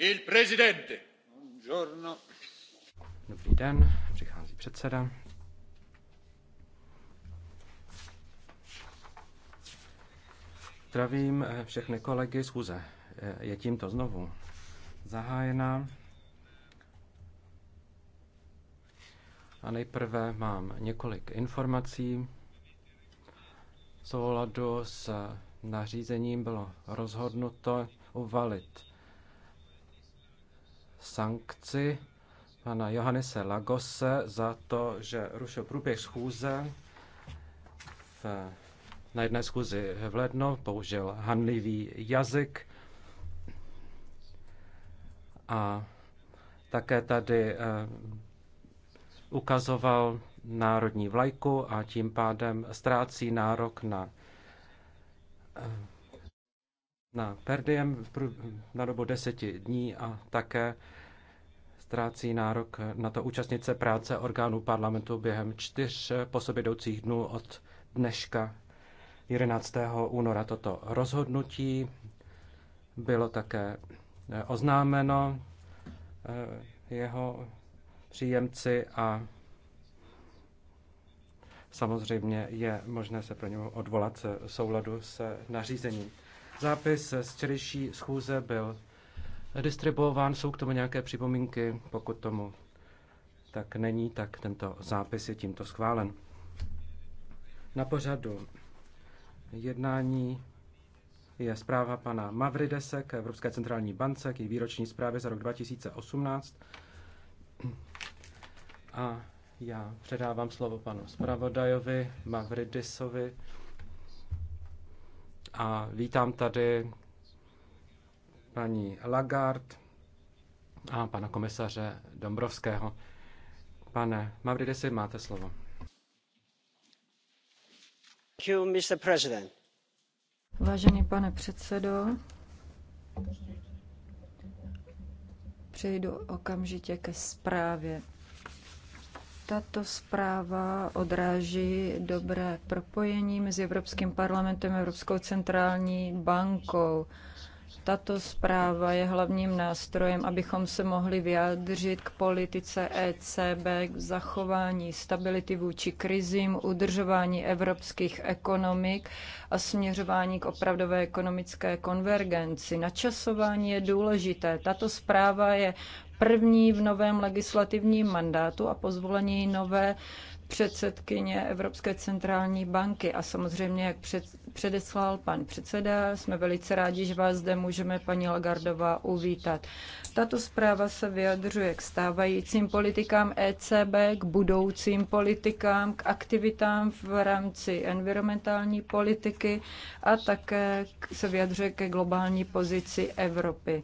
Dobrý den, přichází předseda. Zdravím eh, všechny kolegy, schůze eh, je tímto znovu zahájena. A nejprve mám několik informací. V souladu s nařízením bylo rozhodnuto uvalit sankci pana Johannese Lagose za to, že rušil průběh schůze v, na jedné schůzi v lednu, použil hanlivý jazyk a také tady eh, ukazoval národní vlajku a tím pádem ztrácí nárok na eh, na perdiem na dobu deseti dní a také ztrácí nárok na to účastnit se práce orgánů parlamentu během čtyř po sobě dnů od dneška 11. února. Toto rozhodnutí bylo také eh, oznámeno eh, jeho příjemci a samozřejmě je možné se pro něho odvolat eh, souladu s nařízením. Zápis z včerejší schůze byl distribuován. Jsou k tomu nějaké připomínky? Pokud tomu tak není, tak tento zápis je tímto schválen. Na pořadu jednání je zpráva pana Mavridese k Evropské centrální bance k její výroční zprávě za rok 2018. A já předávám slovo panu zpravodajovi Mavridisovi. A vítám tady paní Lagarde a pana komisaře Dombrovského. Pane Mavridesi, máte slovo. Vážený pane předsedo, přejdu okamžitě ke zprávě. Tato zpráva odráží dobré propojení mezi Evropským parlamentem a Evropskou centrální bankou. Tato zpráva je hlavním nástrojem, abychom se mohli vyjádřit k politice ECB, k zachování stability vůči krizím, udržování evropských ekonomik a směřování k opravdové ekonomické konvergenci. Načasování je důležité. Tato zpráva je první v novém legislativním mandátu a pozvolení nové předsedkyně Evropské centrální banky. A samozřejmě, jak před, předeslal pan předseda, jsme velice rádi, že vás zde můžeme, paní Lagardová, uvítat. Tato zpráva se vyjadřuje k stávajícím politikám ECB, k budoucím politikám, k aktivitám v rámci environmentální politiky a také se vyjadřuje ke globální pozici Evropy.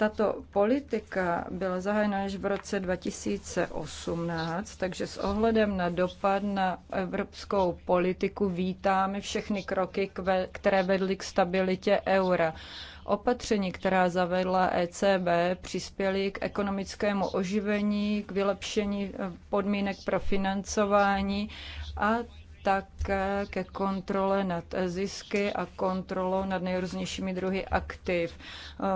Tato politika byla zahájena již v roce 2018, takže s ohledem na dopad na evropskou politiku vítáme všechny kroky, které vedly k stabilitě eura. Opatření, která zavedla ECB, přispěly k ekonomickému oživení, k vylepšení podmínek pro financování a také ke kontrole nad zisky a kontrolou nad nejrůznějšími druhy aktiv.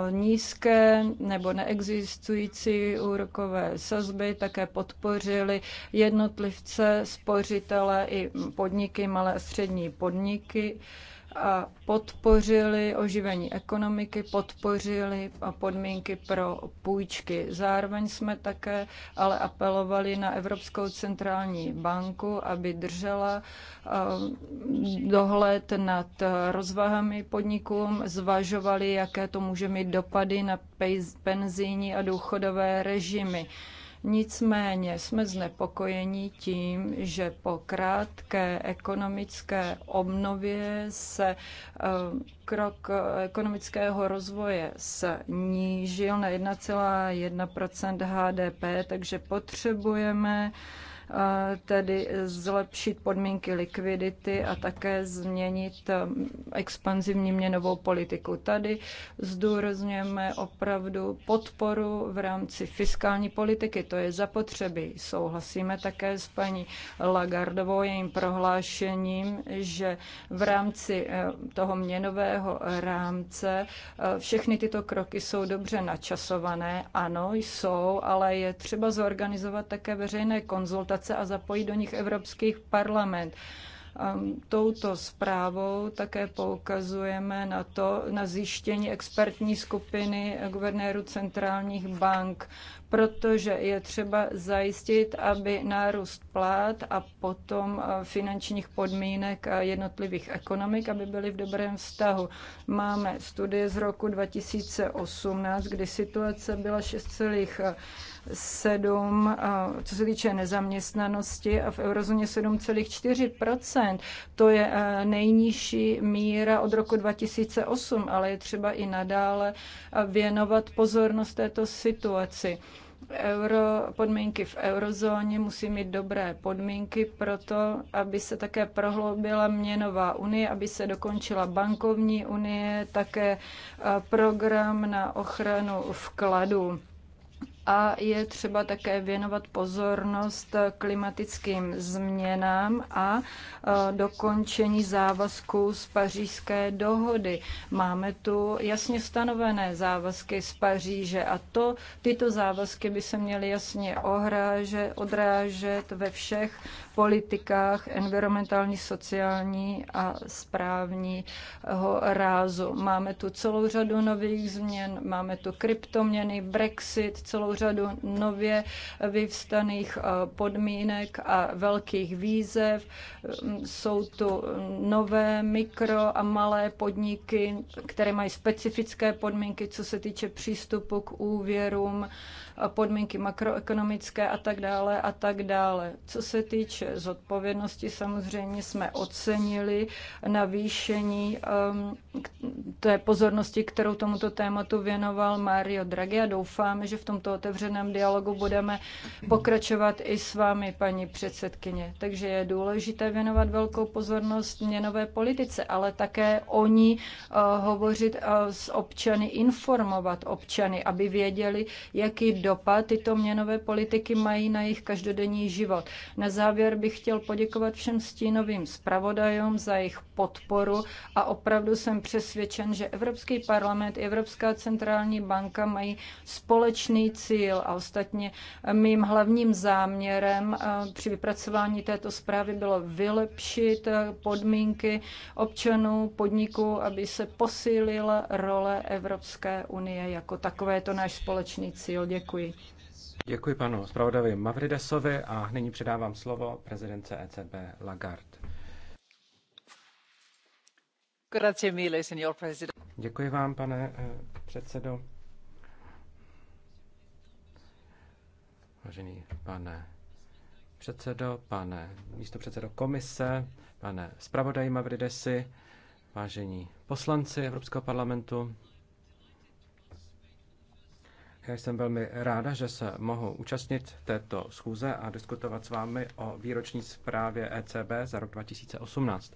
Nízké nebo neexistující úrokové sazby také podpořily jednotlivce, spořitele i podniky, malé a střední podniky a podpořili oživení ekonomiky, podpořili podmínky pro půjčky. Zároveň jsme také ale apelovali na Evropskou centrální banku, aby držela eh, dohled nad rozvahami podnikům, zvažovali, jaké to může mít dopady na penzijní a důchodové režimy. Nicméně jsme znepokojeni tím, že po krátké ekonomické obnově se eh, krok eh, ekonomického rozvoje snížil na 1,1 HDP, takže potřebujeme tedy zlepšit podmínky likvidity a také změnit expanzivní měnovou politiku. Tady zdůrazňujeme opravdu podporu v rámci fiskální politiky, to je zapotřebí. Souhlasíme také s paní Lagardovou jejím prohlášením, že v rámci e, toho měnového rámce e, všechny tyto kroky jsou dobře načasované. Ano, jsou, ale je třeba zorganizovat také veřejné konzultace konzultace a zapojit do nich Evropský parlament. Ehm, touto zprávou také poukazujeme na to, na zjištění expertní skupiny guvernéru centrálních bank protože je třeba zajistit, aby nárůst plát a potom eh, finančních podmínek a eh, jednotlivých ekonomik, aby byly v dobrém vztahu. Máme studie z roku 2018, kdy situace byla 6,7, eh, co se týče nezaměstnanosti a v eurozóně 7,4 To je nejnižší míra od roku 2008, ale je třeba i nadále věnovat pozornost této situaci euro, podmínky v eurozóně musí mít dobré podmínky pro to, aby se také prohloubila měnová unie, aby se dokončila bankovní unie, také eh, program na ochranu vkladů a je třeba také věnovat pozornost klimatickým změnám a e, dokončení závazků z pařížské dohody. Máme tu jasně stanovené závazky z Paříže a to, tyto závazky by se měly jasně ohráže, odrážet ve všech politikách environmentální, sociální a správního rázu. Máme tu celou řadu nových změn, máme tu kryptoměny, Brexit, celou řadu nově vyvstaných eh, podmínek a velkých výzev. Mm, jsou tu nové mikro a malé podniky, které mají specifické podmínky, co se týče přístupu k úvěrům, podmínky makroekonomické a tak dále a tak dále. Co se týče zodpovědnosti, samozřejmě jsme ocenili navýšení um, té pozornosti, kterou tomuto tématu věnoval Mario Draghi a doufáme, že v tomto otevřeném dialogu budeme pokračovat i s vámi, paní předsedkyně. Takže je důležité věnovat velkou pozornost měnové politice, ale také o ní eh, hovořit eh, s občany, informovat občany, aby věděli, jaký dopad tyto měnové politiky mají na jejich každodenní život. Na závěr bych chtěl poděkovat všem stínovým zpravodajům za jejich podporu a opravdu jsem přesvědčen, že Evropský parlament i Evropská centrální banka mají společný cíl a ostatně mým hlavním záměrem eh, při vypracování této zprávy bylo vylepšit eh, podmínky občanů, podniků, aby se posílila role Evropské unie jako takové. Je to náš společný cíl. Děkuji. Děkuji panu zpravodavi Mavridesovi a nyní předávám slovo prezidence ECB Lagarde. Děkuji vám, pane eh, předsedo. Vážený pane předsedo, pane místo předsedo komise, pane zpravodaji Mavridesi, vážení poslanci Evropského parlamentu, já jsem velmi ráda, že se mohu účastnit této schůze a diskutovat s vámi o výroční zprávě ECB za rok 2018.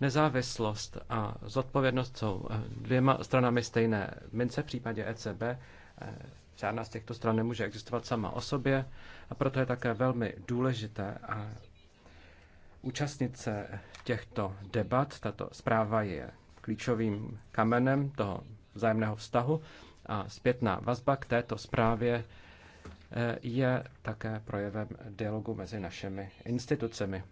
Nezávislost a zodpovědnost jsou eh, dvěma stranami stejné mince v případě ECB. Eh, žádná z těchto stran nemůže existovat sama o sobě a proto je také velmi důležité a účastnit se těchto debat. Tato zpráva je klíčovým kamenem toho vzájemného vztahu a zpětná vazba k této zprávě eh, je také projevem dialogu mezi našimi institucemi.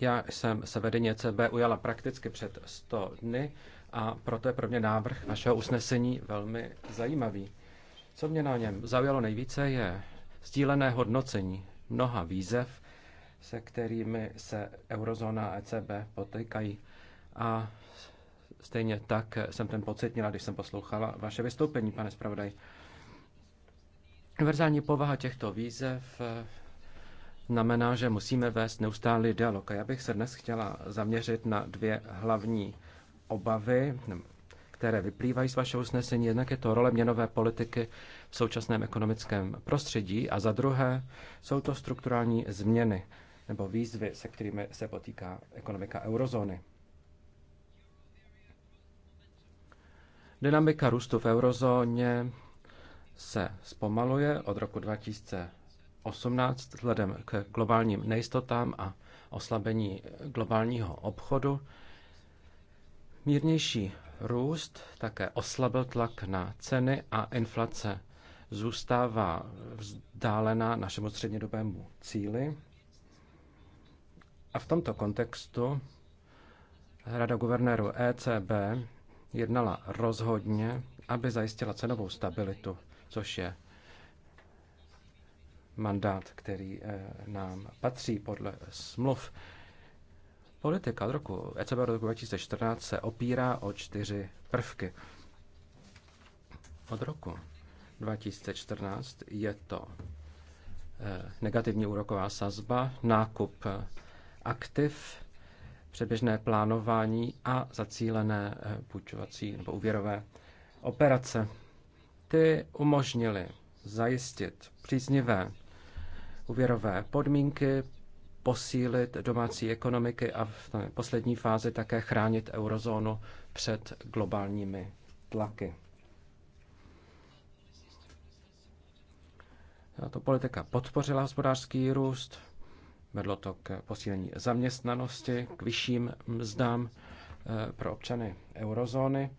Já jsem se vedení ECB ujala prakticky před 100 dny a proto je pro mě návrh vašeho usnesení velmi zajímavý. Co mě na něm zaujalo nejvíce je sdílené hodnocení mnoha výzev, se kterými se eurozóna a ECB potýkají. A stejně tak jsem ten pocit měla, když jsem poslouchala vaše vystoupení, pane zpravodaj. Univerzální povaha těchto výzev znamená, že musíme vést neustálý dialog. A já bych se dnes chtěla zaměřit na dvě hlavní obavy, které vyplývají z vašeho usnesení. Jednak je to role měnové politiky v současném ekonomickém prostředí a za druhé jsou to strukturální změny nebo výzvy, se kterými se potýká ekonomika eurozóny. Dynamika růstu v eurozóně se zpomaluje od roku 2000 2018 vzhledem k globálním nejistotám a oslabení globálního obchodu. Mírnější růst také oslabil tlak na ceny a inflace zůstává vzdálená našemu střednědobému cíli. A v tomto kontextu Rada guvernéru ECB jednala rozhodně, aby zajistila cenovou stabilitu, což je mandát, který eh, nám patří podle smluv. Politika od roku ECB roku 2014 se opírá o čtyři prvky. Od roku 2014 je to eh, negativní úroková sazba, nákup eh, aktiv, předběžné plánování a zacílené půjčovací nebo úvěrové operace. Ty umožnily zajistit příznivé úvěrové podmínky, posílit domácí ekonomiky a v poslední fázi také chránit eurozónu před globálními tlaky. Tato politika podpořila hospodářský růst, vedlo to k posílení zaměstnanosti, k vyšším mzdám eh, pro občany eurozóny.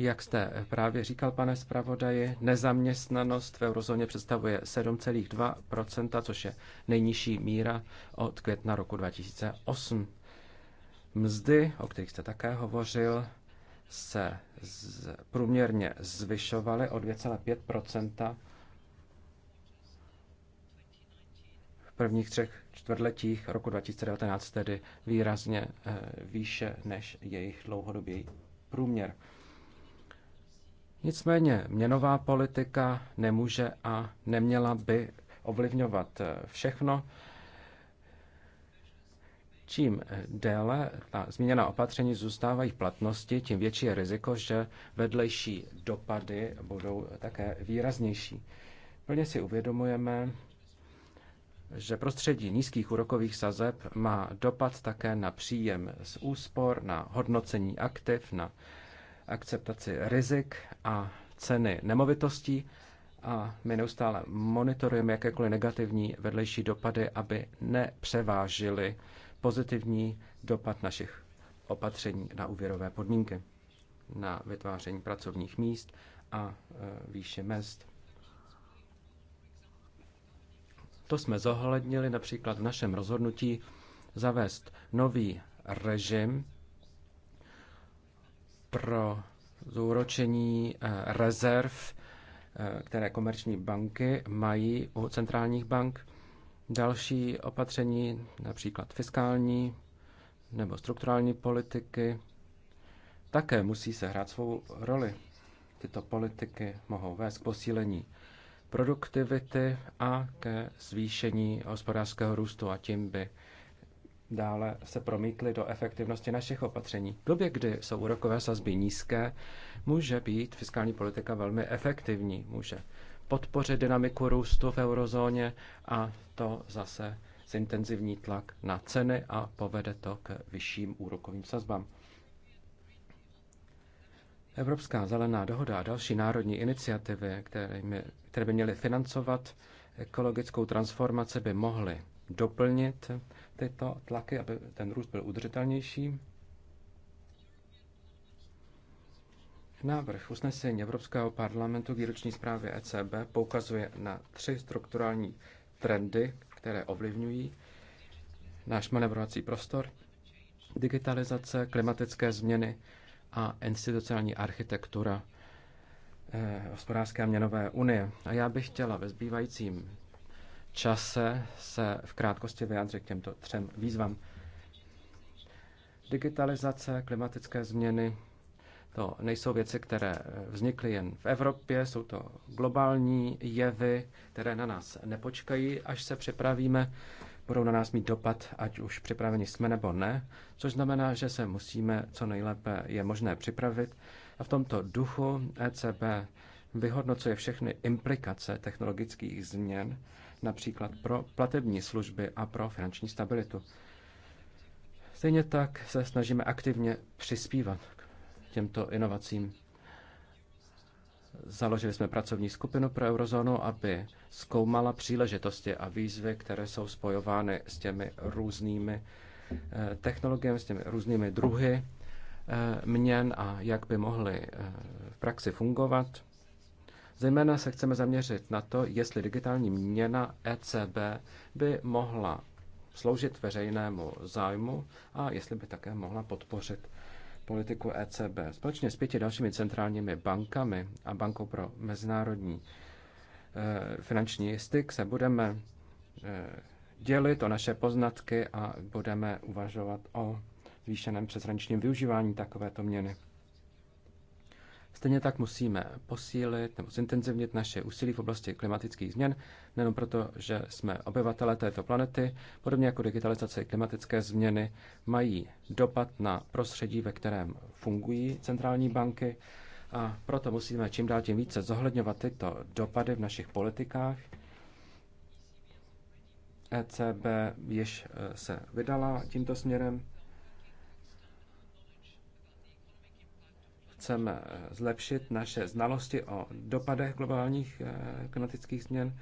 Jak jste právě říkal, pane zpravodaji, nezaměstnanost v eurozóně představuje 7,2%, což je nejnižší míra od května roku 2008. Mzdy, o kterých jste také hovořil, se z, průměrně zvyšovaly o 2,5% v prvních třech čtvrtletích roku 2019, tedy výrazně eh, výše než jejich dlouhodobý průměr. Nicméně měnová politika nemůže a neměla by ovlivňovat eh, všechno. Čím eh, déle ta zmíněná opatření zůstávají v platnosti, tím větší je riziko, že vedlejší dopady budou také výraznější. Plně si uvědomujeme, že prostředí nízkých úrokových sazeb má dopad také na příjem z úspor, na hodnocení aktiv, na akceptaci rizik a ceny nemovitostí a my neustále monitorujeme jakékoliv negativní vedlejší dopady, aby nepřevážily pozitivní dopad našich opatření na úvěrové podmínky, na vytváření pracovních míst a e, výše mest. To jsme zohlednili například v našem rozhodnutí zavést nový režim pro zúročení eh, rezerv, eh, které komerční banky mají u centrálních bank. Další opatření, například fiskální nebo strukturální politiky, také musí se hrát svou roli. Tyto politiky mohou vést k posílení produktivity a ke zvýšení hospodářského růstu a tím by dále se promítly do efektivnosti našich opatření. V době, kdy jsou úrokové sazby nízké, může být fiskální politika velmi efektivní, může podpořit dynamiku růstu v eurozóně a to zase zintenzivní tlak na ceny a povede to k vyšším úrokovým sazbám. Evropská zelená dohoda a další národní iniciativy, které, my, které by měly financovat ekologickou transformaci, by mohly doplnit tyto tlaky, aby ten růst byl udržitelnější. Návrh usnesení Evropského parlamentu k výroční zprávě ECB poukazuje na tři strukturální trendy, které ovlivňují náš manevrovací prostor, digitalizace, klimatické změny a institucionální architektura eh, hospodářské a měnové unie. A já bych chtěla ve zbývajícím čase se v krátkosti vyjádře k těmto třem výzvám. Digitalizace, klimatické změny, to nejsou věci, které eh, vznikly jen v Evropě, jsou to globální jevy, které na nás nepočkají, až se připravíme. Budou na nás mít dopad, ať už připraveni jsme nebo ne, což znamená, že se musíme co nejlépe je možné připravit. A v tomto duchu ECB vyhodnocuje všechny implikace technologických změn například pro platební služby a pro finanční stabilitu. Stejně tak se snažíme aktivně přispívat k těmto inovacím. Založili jsme pracovní skupinu pro eurozónu, aby zkoumala příležitosti a výzvy, které jsou spojovány s těmi různými eh, technologiemi, s těmi různými druhy eh, měn a jak by mohly eh, v praxi fungovat. Zejména se chceme zaměřit na to, jestli digitální měna ECB by mohla sloužit veřejnému zájmu a jestli by také mohla podpořit politiku ECB. Společně s pěti dalšími centrálními bankami a Bankou pro mezinárodní eh, finanční styk se budeme eh, dělit o naše poznatky a budeme uvažovat o zvýšeném přeshraničním využívání takovéto měny. Stejně tak musíme posílit nebo zintenzivnit naše úsilí v oblasti klimatických změn, nejenom proto, že jsme obyvatele této planety, podobně jako digitalizace i klimatické změny mají dopad na prostředí, ve kterém fungují centrální banky, a proto musíme čím dál tím více zohledňovat tyto dopady v našich politikách. ECB již e, se vydala tímto směrem. Chceme eh, zlepšit naše znalosti o dopadech globálních eh, klimatických změn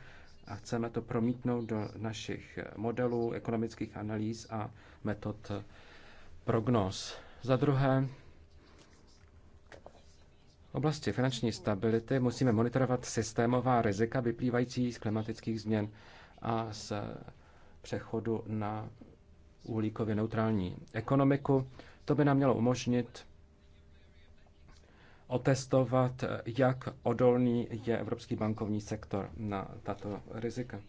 a chceme to promítnout do našich eh, modelů, ekonomických analýz a metod prognóz. Za druhé, v oblasti finanční stability musíme monitorovat systémová rizika vyplývající z klimatických změn a z přechodu na uhlíkově neutrální ekonomiku. To by nám mělo umožnit otestovat, jak odolný je evropský bankovní sektor na tato rizika.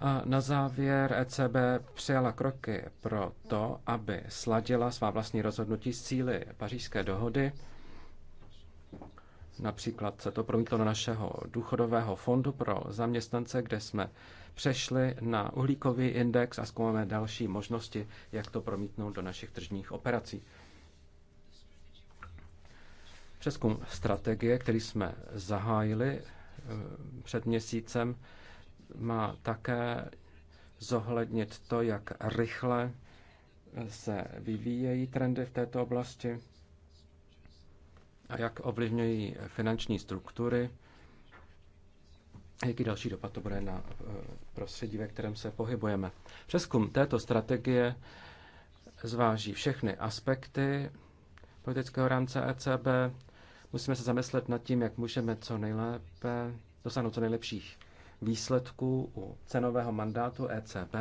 A na závěr ECB přijala kroky pro to, aby sladila svá vlastní rozhodnutí s cíly pařížské dohody. Například se to promítlo do našeho důchodového fondu pro zaměstnance, kde jsme přešli na uhlíkový index a zkoumáme další možnosti, jak to promítnout do našich tržních operací. Přeskum strategie, který jsme zahájili eh, před měsícem, má také zohlednit to, jak rychle se vyvíjejí trendy v této oblasti a jak ovlivňují finanční struktury, jaký další dopad to bude na eh, prostředí, ve kterém se pohybujeme. Přeskum této strategie zváží všechny aspekty politického rámce ECB, Musíme se zamyslet nad tím, jak můžeme co nejlépe dosáhnout co nejlepších výsledků u cenového mandátu ECB.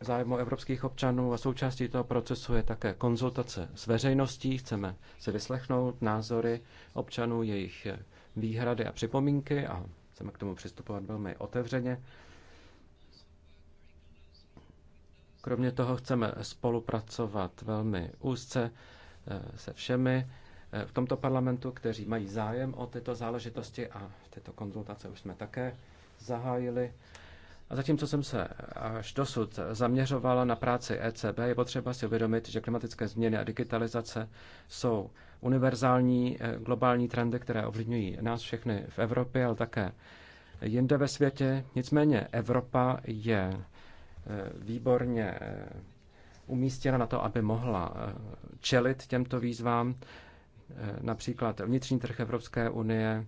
Zájmu evropských občanů a součástí toho procesu je také konzultace s veřejností. Chceme si vyslechnout názory občanů, jejich výhrady a připomínky a chceme k tomu přistupovat velmi otevřeně. Kromě toho chceme spolupracovat velmi úzce eh, se všemi Eh, v tomto parlamentu, kteří mají zájem o tyto záležitosti a tyto konzultace už jsme také zahájili. A zatímco jsem se až dosud zaměřovala na práci ECB, je potřeba si uvědomit, že klimatické změny a digitalizace jsou univerzální eh, globální trendy, které ovlivňují nás všechny v Evropě, ale také jinde ve světě. Nicméně Evropa je eh, výborně umístěna na to, aby mohla čelit těmto výzvám. Eh, například vnitřní trh Evropské unie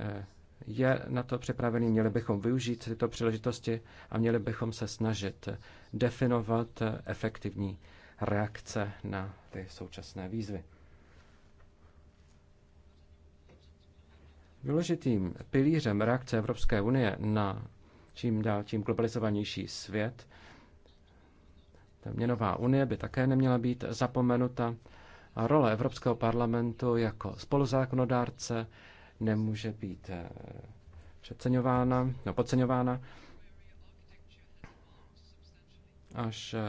eh, je na to připravený, měli bychom využít tyto příležitosti a měli bychom se snažit definovat efektivní reakce na ty současné výzvy. Důležitým pilířem reakce Evropské unie na čím dál tím globalizovanější svět, ta měnová unie by také neměla být zapomenuta. A role Evropského parlamentu jako spoluzákonodárce nemůže být eh, přeceňována, no, podceňována. Až eh,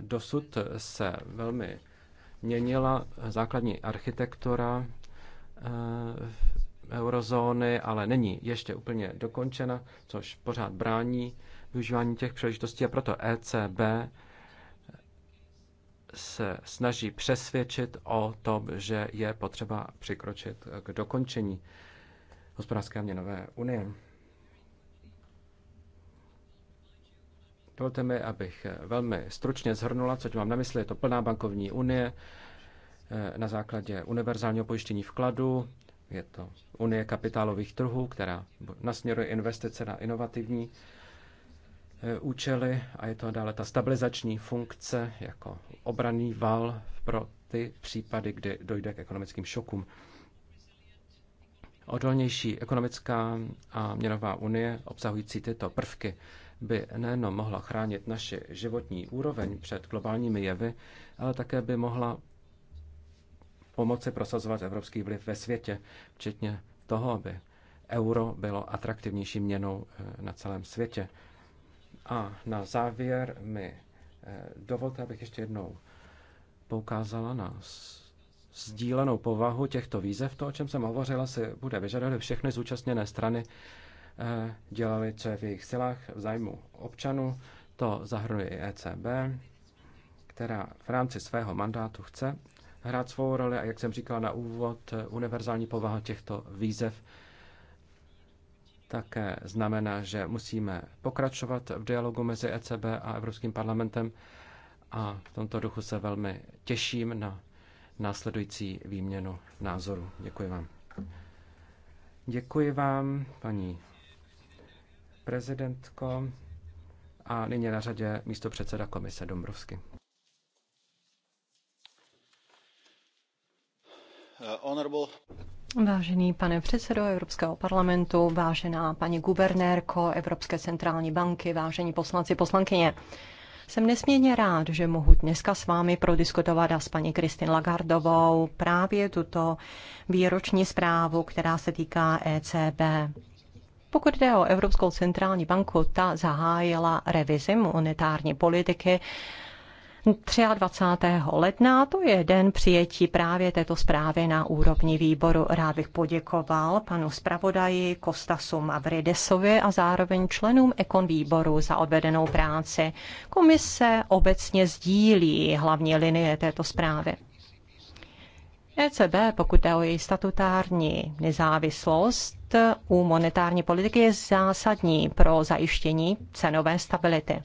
dosud se velmi měnila základní architektura eh, eurozóny, ale není ještě úplně dokončena, což pořád brání využívání těch příležitostí a proto ECB se snaží přesvědčit o tom, že je potřeba přikročit k dokončení hospodářské a měnové unie. Dovolte mi, abych velmi stručně zhrnula, co mám na mysli. Je to plná bankovní unie eh, na základě univerzálního pojištění vkladu. Je to unie kapitálových trhů, která nasměruje investice na inovativní eh, účely a je to dále ta stabilizační funkce jako obraný val pro ty případy, kdy dojde k ekonomickým šokům. Odolnější ekonomická a měnová unie obsahující tyto prvky by nejenom mohla chránit naši životní úroveň před globálními jevy, ale také by mohla pomoci prosazovat evropský vliv ve světě, včetně toho, aby euro bylo atraktivnější měnou eh, na celém světě. A na závěr mi Eh, dovolte, abych ještě jednou poukázala na sdílenou povahu těchto výzev. To, o čem jsem hovořila, si bude vyžadovat všechny zúčastněné strany eh, dělali, co je v jejich silách v zájmu občanů. To zahrnuje i ECB, která v rámci svého mandátu chce hrát svou roli a jak jsem říkal na úvod, eh, univerzální povaha těchto výzev také znamená, že musíme pokračovat v dialogu mezi ECB a Evropským parlamentem a v tomto duchu se velmi těším na následující výměnu názoru. Děkuji vám. Děkuji vám, paní prezidentko. A nyní na řadě místo předseda komise Dombrovsky. Uh, honorable. Vážený pane předsedo Evropského parlamentu, vážená paní guvernérko Evropské centrální banky, vážení poslanci, poslankyně. Jsem nesmírně rád, že mohu dneska s vámi prodiskutovat a s paní Kristin Lagardovou právě tuto výroční zprávu, která se týká ECB. Pokud jde o Evropskou centrální banku, ta zahájila revizi monetární politiky 23. ledna. To je den přijetí právě této zprávy na úrovni výboru. Rád bych poděkoval panu zpravodaji Kostasu Mavridesovi a zároveň členům Ekon výboru za odvedenou práci. Komise obecně sdílí hlavní linie této zprávy. ECB, pokud je o její statutární nezávislost u monetární politiky, je zásadní pro zajištění cenové stability.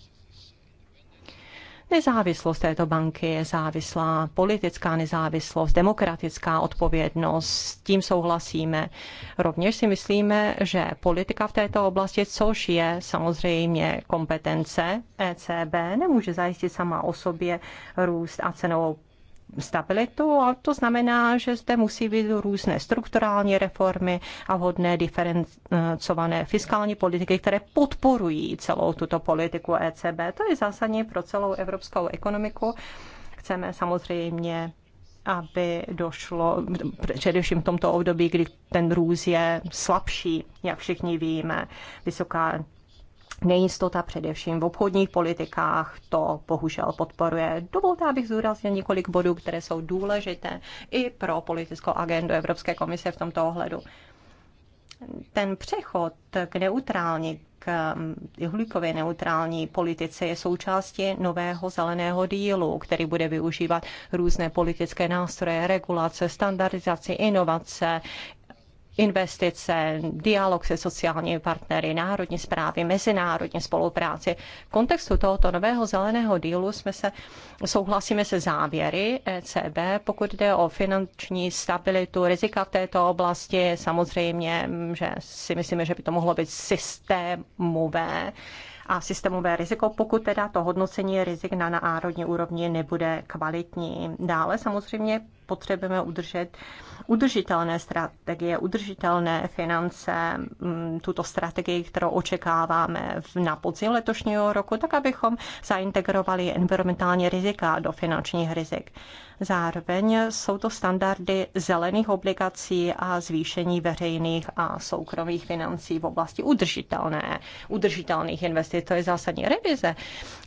Nezávislost této banky je závislá, politická nezávislost, demokratická odpovědnost, s tím souhlasíme. Rovněž si myslíme, že politika v této oblasti, což je samozřejmě kompetence ECB, nemůže zajistit sama o sobě růst a cenovou stabilitu a to znamená, že zde musí být různé strukturální reformy a hodné diferencované fiskální politiky, které podporují celou tuto politiku ECB. To je zásadní pro celou evropskou ekonomiku. Chceme samozřejmě aby došlo, především v tomto období, kdy ten růz je slabší, jak všichni víme, vysoká Nejistota především v obchodních politikách to bohužel podporuje. Dovolte, abych zúraznil několik bodů, které jsou důležité i pro politickou agendu Evropské komise v tomto ohledu. Ten přechod k neutrální, k mm, uhlíkově neutrální politice je součástí nového zeleného dílu, který bude využívat různé politické nástroje, regulace, standardizaci, inovace, investice, dialog se sociálními partnery, národní zprávy, mezinárodní spolupráci. V kontextu tohoto nového zeleného dílu jsme se, souhlasíme se závěry ECB, pokud jde o finanční stabilitu, rizika v této oblasti, samozřejmě, že si myslíme, že by to mohlo být systémové a systémové riziko, pokud teda to hodnocení rizik na národní úrovni nebude kvalitní. Dále samozřejmě potřebujeme udržet udržitelné strategie, udržitelné finance, mm, tuto strategii, kterou očekáváme na podzim letošního roku, tak abychom zaintegrovali environmentální rizika do finančních rizik. Zároveň jsou to standardy zelených obligací a zvýšení veřejných a soukromých financí v oblasti udržitelné, udržitelných investic. To je zásadní revize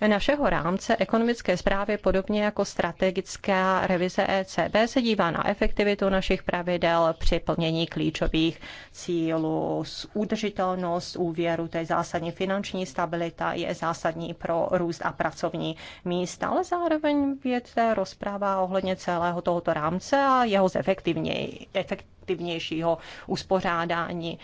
našeho rámce ekonomické zprávy, podobně jako strategická revize ECB, se dívá na efektivitu našich pravidel při plnění klíčových cílů. Udržitelnost úvěru, to je zásadní finanční stabilita, je zásadní pro růst a pracovní místa, ale zároveň je to rozpráva ohledně celého tohoto rámce a jeho zefektivnějšího uspořádání.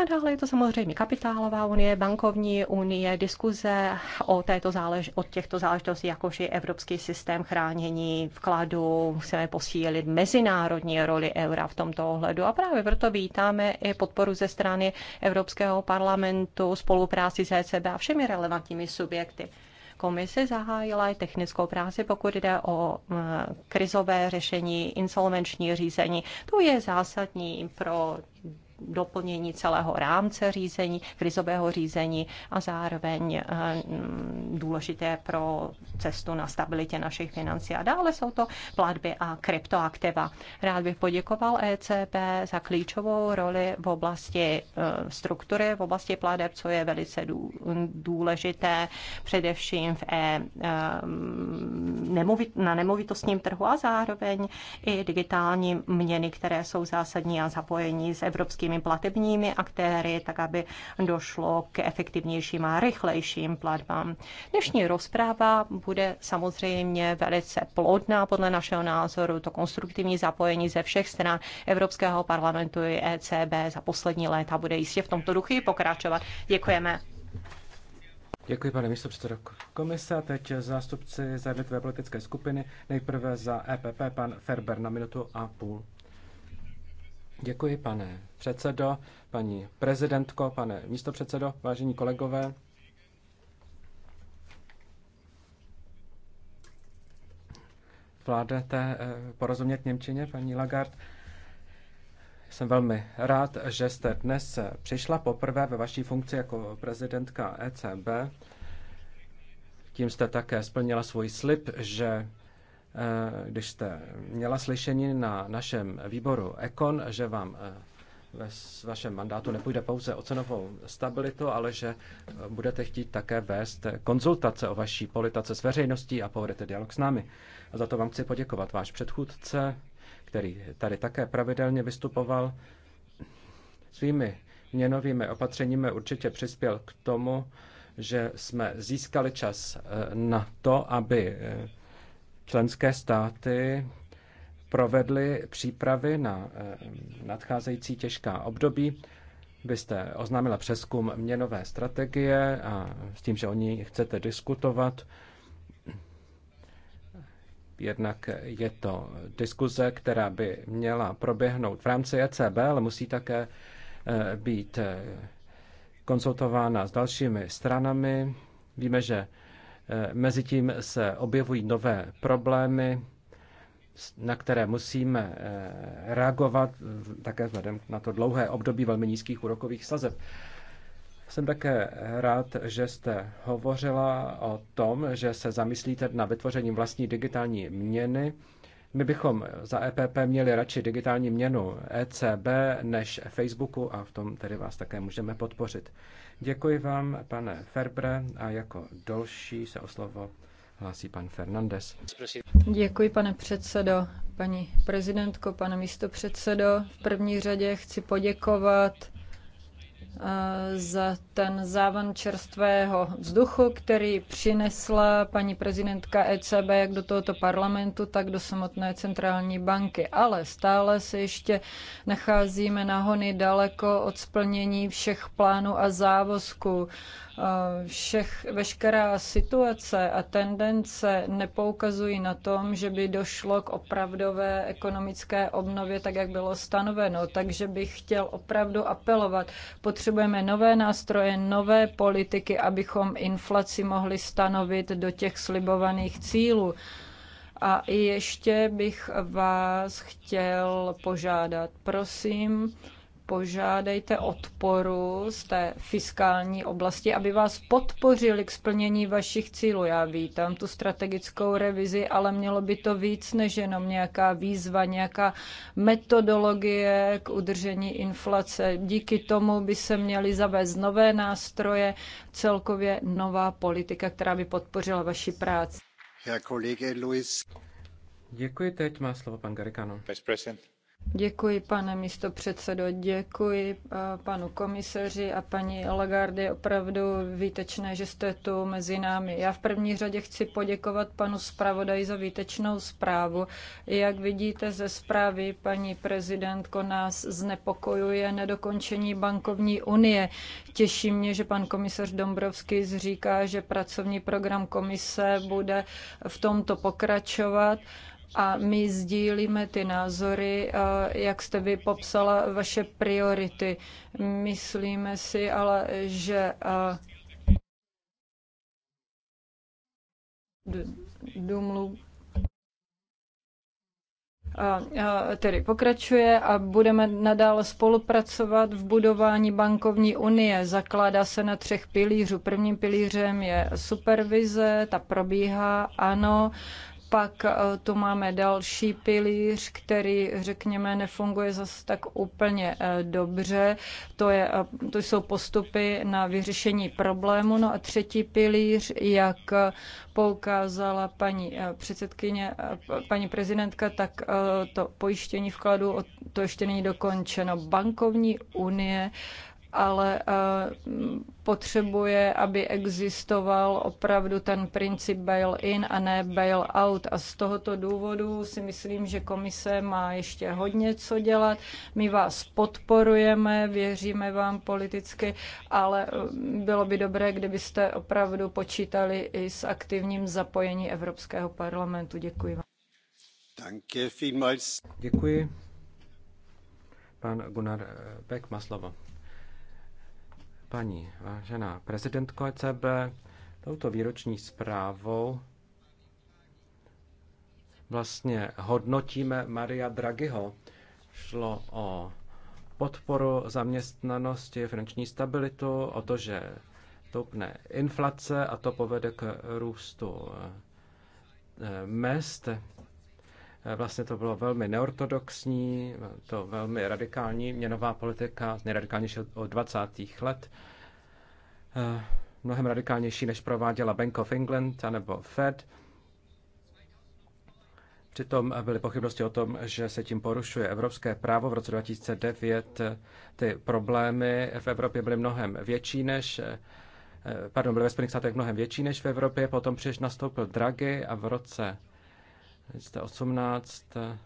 A dále je to samozřejmě kapitálová unie, bankovní unie, diskuze o, této zálež- o těchto záležitostech, jakož je evropský systém chránění vkladu, chceme posílit mezinárodní roli eura v tomto ohledu. A právě proto vítáme i podporu ze strany Evropského parlamentu, spolupráci s ECB a všemi relevantními subjekty komise zahájila i technickou práci, pokud jde o krizové řešení, insolvenční řízení. To je zásadní pro doplnění celého rámce řízení, krizového řízení a zároveň eh, mm, důležité pro cestu na stabilitě našich financí. A dále jsou to platby a kryptoaktiva. Rád bych poděkoval ECB za klíčovou roli v oblasti eh, struktury, v oblasti plateb, co je velice důležité, především v e, eh, nemovit, na nemovitostním trhu a zároveň i digitální měny, které jsou zásadní a zapojení s evropským jednotlivými platebními aktéry, tak aby došlo k efektivnějším a rychlejším platbám. Dnešní rozpráva bude samozřejmě velice plodná podle našeho názoru. To konstruktivní zapojení ze všech stran Evropského parlamentu i ECB za poslední léta bude jistě v tomto duchu pokračovat. Děkujeme. Děkuji, pane předsedo komise. Teď zástupci za politické skupiny. Nejprve za EPP pan Ferber na minutu a půl. Děkuji, pane předsedo, paní prezidentko, pane místopředsedo, vážení kolegové. Vládete eh, porozumět Němčině, paní Lagarde? Jsem velmi rád, že jste dnes eh, přišla poprvé ve vaší funkci jako prezidentka ECB. Tím jste také splnila svůj slib, že Eh, když jste měla slyšení na našem výboru Ekon, že vám eh, ve vašem mandátu nepůjde pouze o cenovou stabilitu, ale že eh, budete chtít také vést konzultace o vaší politice s veřejností a povedete dialog s námi. A za to vám chci poděkovat. Váš předchůdce, který tady také pravidelně vystupoval, svými měnovými opatřeními určitě přispěl k tomu, že jsme získali čas na to, aby členské státy provedly přípravy na eh, nadcházející těžká období. Vy jste oznámila přeskum měnové strategie a s tím, že o ní chcete diskutovat. Jednak je to diskuze, která by měla proběhnout v rámci ECB, ale musí také eh, být eh, konzultována s dalšími stranami. Víme, že Mezitím se objevují nové problémy, na které musíme eh, reagovat, také vzhledem na to dlouhé období velmi nízkých úrokových sazeb. Jsem také rád, že jste hovořila o tom, že se zamyslíte na vytvoření vlastní digitální měny. My bychom za EPP měli radši digitální měnu ECB než Facebooku a v tom tedy vás také můžeme podpořit. Děkuji vám, pane Ferbre, a jako další se o slovo hlásí pan Fernandez. Děkuji, pane předsedo, paní prezidentko, pane místopředsedo. V první řadě chci poděkovat Eh, za ten závan čerstvého vzduchu, který přinesla paní prezidentka ECB jak do tohoto parlamentu, tak do samotné centrální banky. Ale stále se ještě nacházíme na hony daleko od splnění všech plánů a závazků Eh, všech, veškerá situace a tendence nepoukazují na tom, že by došlo k opravdové ekonomické obnově, tak jak bylo stanoveno. Takže bych chtěl opravdu apelovat. Potřebujeme nové nástroje, nové politiky, abychom inflaci mohli stanovit do těch slibovaných cílů. A ještě bych vás chtěl požádat, prosím, požádejte odporu z té fiskální oblasti, aby vás podpořili k splnění vašich cílů. Já vítám tu strategickou revizi, ale mělo by to víc než jenom nějaká výzva, nějaká metodologie k udržení inflace. Díky tomu by se měly zavést nové nástroje, celkově nová politika, která by podpořila vaši práci. Herr Kollege Luis. Děkuji, teď má slovo pan Garikano. Vice Děkuji, pane místo předsedo. Děkuji eh, panu komisaři a paní Lagarde. Je opravdu výtečné, že jste tu mezi námi. Já v první řadě chci poděkovat panu zpravodaji za výtečnou zprávu. Jak vidíte ze zprávy, paní prezidentko, nás znepokojuje nedokončení bankovní unie. Těší mě, že pan komisař Dombrovský říká, že pracovní program komise bude v tomto pokračovat a my sdílíme ty názory, eh, jak jste vy popsala vaše priority. Myslíme si ale, že eh, a, tedy pokračuje a budeme nadále spolupracovat v budování bankovní unie. Zakládá se na třech pilířů. Prvním pilířem je supervize, ta probíhá, ano, pak eh, tu máme další pilíř, který, řekněme, nefunguje zase tak úplně eh, dobře. To, je, eh, to jsou postupy na vyřešení problému. No a třetí pilíř, jak poukázala paní předsedkyně, paní prezidentka, tak to pojištění vkladu, to ještě není dokončeno. Bankovní unie ale eh, potřebuje, aby existoval opravdu ten princip bail-in a ne bail-out. A z tohoto důvodu si myslím, že komise má ještě hodně co dělat. My vás podporujeme, věříme vám politicky, ale eh, bylo by dobré, kdybyste opravdu počítali i s aktivním zapojením Evropského parlamentu. Děkuji vám. Děkuji. Pan Gunnar Beck má slovo. Paní vážená prezidentko ECB, touto výroční zprávou vlastně hodnotíme Maria Draghiho. Šlo o podporu zaměstnanosti, finanční stabilitu, o to, že stoupne inflace a to povede k růstu eh, mest. Eh, vlastně to bylo velmi neortodoxní, to velmi radikální měnová politika, nejradikálnější od 20. let. Eh, mnohem radikálnější, než prováděla Bank of England anebo Fed. Přitom eh, byly pochybnosti o tom, že se tím porušuje evropské právo. V roce 2009 ty problémy v Evropě byly mnohem větší než pardon, byly ve Spojených státech mnohem větší než v Evropě. Potom přiš nastoupil Draghi a v roce 2018 eh,